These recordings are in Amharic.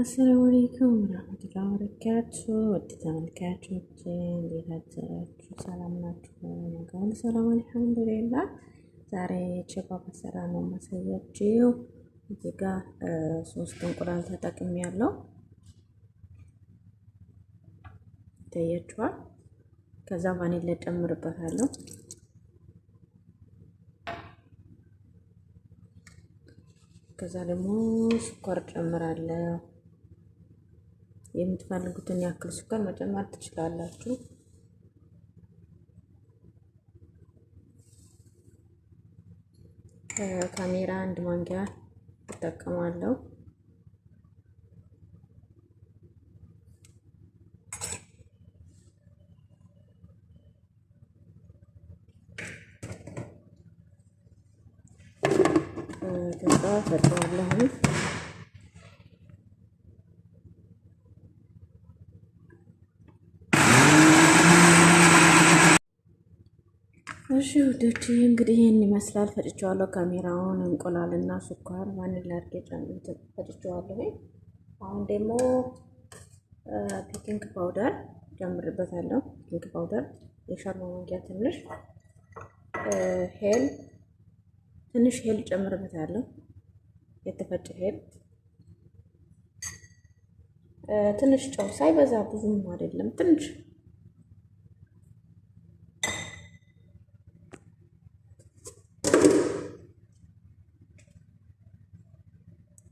አሰላሙ አለይኩም ወራህመቱላሂ ወበረካቱ። ውድ ተመልካቾች እንዴት አደራችሁ? ሰላም ናችሁ? ነገሩ ሰላም አልሐምዱሊላህ። ዛሬ ቸባብ አሰራ ነው ማሳያችሁ። እዚህ ጋ ሶስት እንቁላል ተጠቅሜ ያለው ይታያችኋል። ከዛ ቫኒላ ጨምርበታለሁ። ከዛ ደግሞ ስኳር ጨምራለሁ። የምትፈልጉትን ያክል ሱከር መጨመር ትችላላችሁ። ካሜራ አንድ ማንኪያ እጠቀማለሁ። ከዛ ፈጥሯለሁ። እሺ ውዶች እንግዲህ ይህን ይመስላል። ፈጭቸዋለሁ ካሜራውን እና ስኳር ማንን ላድርጌ ፈጭቼዋለሁ። አሁን ደግሞ ቤኪንግ ፓውደር ጨምርበታለሁ። ቤኪንግ ፓውደር የሻርማ መንጊያ ትንሽ ሄል ትንሽ ሄል ጨምርበታለሁ። የተፈጨ ሄል ትንሽ ጨው ሳይበዛ ብዙም አይደለም ትንሽ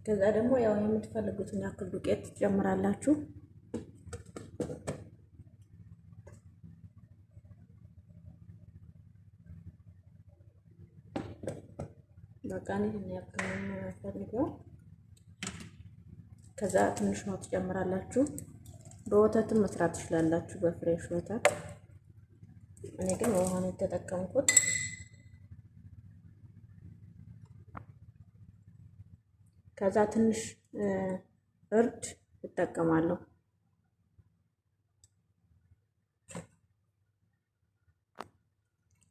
ከዛ ደግሞ ያው የምትፈልጉትን ያክል ዱቄት ትጨምራላችሁ። በቃ ይህን ያክል የምፈልገው ከዛ ትንሽ ነው ትጨምራላችሁ። በወተትም መስራት ትችላላችሁ፣ በፍሬሽ ወተት። እኔ ግን ውሃ የተጠቀምኩት። ከዛ ትንሽ እርድ እጠቀማለሁ።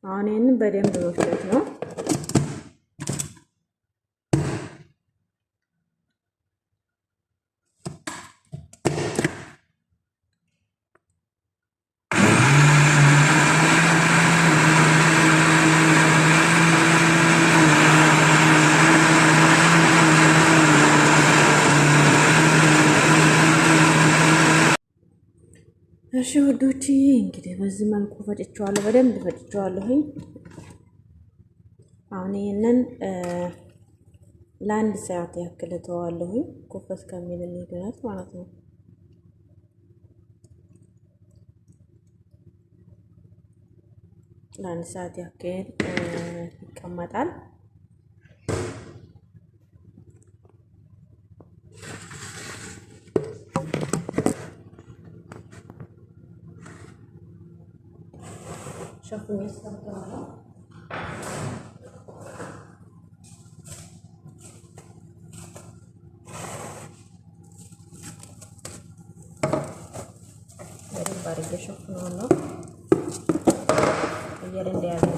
አሁን ይህንን በደንብ መፍለት ነው። እሺ ውዶች እንግዲህ በዚህ መልኩ ፈጭቸዋለሁ፣ በደንብ ፈጭቸዋለሁኝ። አሁን ይህንን ለአንድ ሰዓት ያክል እተዋለሁኝ፣ ኩፈስ ከሚልልኝ ድረስ ማለት ነው። ለአንድ ሰዓት ያክል ይቀመጣል። Şofu mi saptano. ಬಾರಿಗೆ ಶೊಪ್ಪನವನ್ನು ಎರಡು ಎರಡು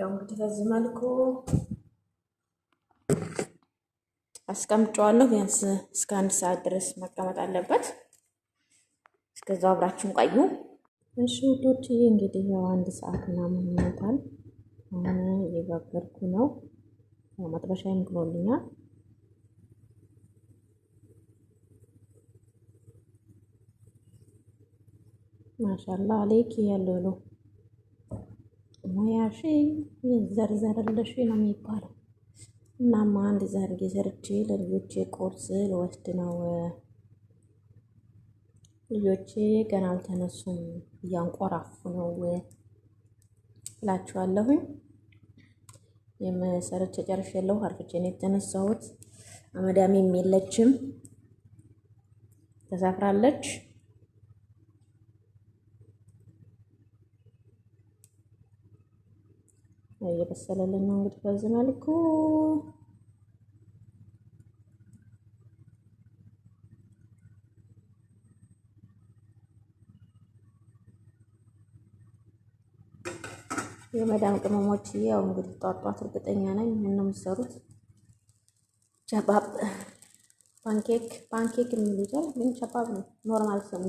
ያው እንግዲህ በዚህ መልኩ አስቀምጨዋለሁ። ቢያንስ እስከ አንድ ሰዓት ድረስ መቀመጥ አለበት። እስከዛው አብራችሁን ቆዩ እሺ ውዶች። እንግዲህ ያው አንድ ሰዓት ምናምን ይመጣል። አሁን እየጋገርኩ ነው። መጥበሻ ይምግኖልኛል ማሻላ አሌክ ያለው ሙያሽ ዘርዘርልሽ ነው የሚባለው። እናማ አንድ ዘርግ ዘርቼ ለልጆቼ ቁርስ ልወስድ ነው። ልጆቼ ገና አልተነሱም፣ እያንቆራፉ ነው እላችኋለሁኝ። ጨርሽ ጨርሻለሁ። አርፍቼ ነው የተነሳሁት። አመዳሚ የለችም፣ ተሳፍራለች። እየበሰለልን ነው። እንግዲህ በዚህ መልኩ የመዳም ቅመሞች ያው እንግዲህ ጧጧት እርግጠኛ ነኝ ምን ነው የምትሰሩት? ቸባብ ፓንኬክ ፓንኬክ የሚሉታል፣ ግን ቸባብ ነው ኖርማል ስም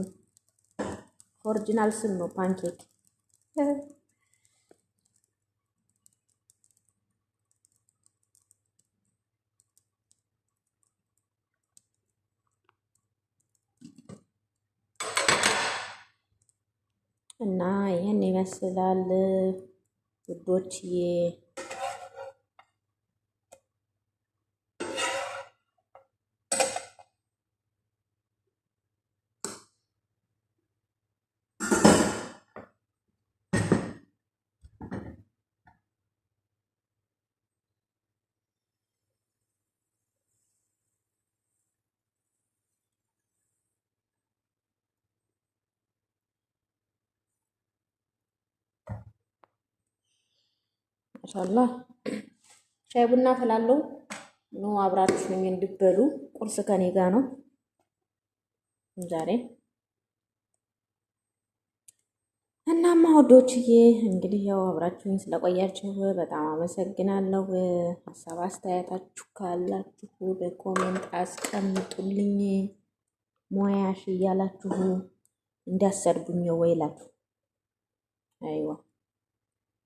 ኦሪጂናል ስም ነው ፓንኬክ እና ይህን ይመስላል ውዶችዬ ማሻላ ሻይ ቡና ፈላለው ኑ አብራችሁኝ እንድበሉ። ቁርስ ከኔ ጋ ነው ዛሬ። እናማ ወዶችዬ እንግዲህ ያው አብራችሁኝ ስለቆያችሁ በጣም አመሰግናለሁ። ሀሳብ አስተያየታችሁ ካላችሁ በኮሜንት አስቀምጡልኝ። ሞያሽ እያላችሁ እንዳሰርቡኝ ወይላችሁ አይዋ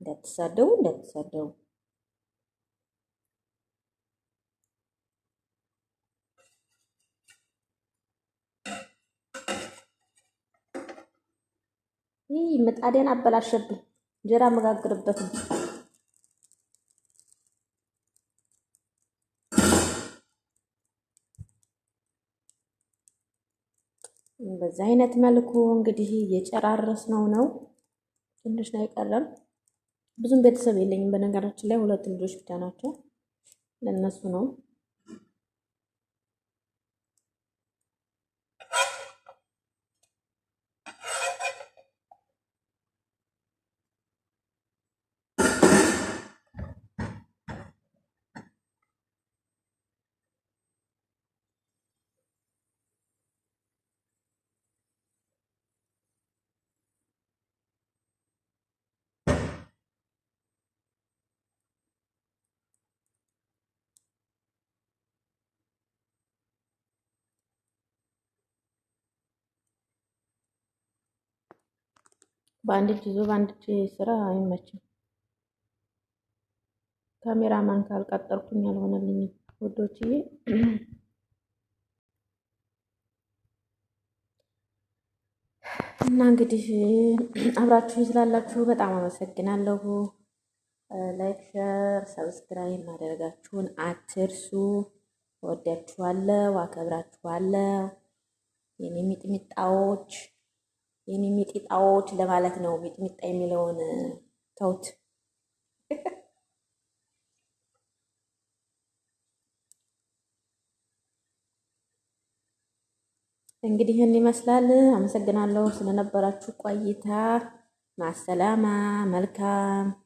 እንዳትሳደቡ እንዳትሳደቡ። ይህ ምጣዴን አበላሸብን። እንጀራ መጋግርበትም በዚህ አይነት መልኩ እንግዲህ እየጨራረስነው ነው። ትንሽ ነው የቀረም። ብዙም ቤተሰብ የለኝም። በነገራችን ላይ ሁለት ልጆች ብቻ ናቸው። ለእነሱ ነው በአንድ እጅ ይዞ በአንድ እጅ ስራ አይመችም። ካሜራማን ካልቀጠርኩኝ አልሆነልኝም ውዶችዬ። እና እንግዲህ አብራችሁ ስላላችሁ በጣም አመሰግናለሁ። ላይክ፣ ሸር፣ ሰብስክራይብ ማድረጋችሁን አትርሱ። እወዳችኋለሁ፣ አከብራችኋለሁ የኔ ሚጥሚጣዎች። የሚሚጢጣዎች ለማለት ነው። ሚጥሚጣ የሚለውን ተውት። እንግዲህ ይህን ይመስላል። አመሰግናለሁ ስለነበራችሁ ቆይታ። ማሰላማ መልካም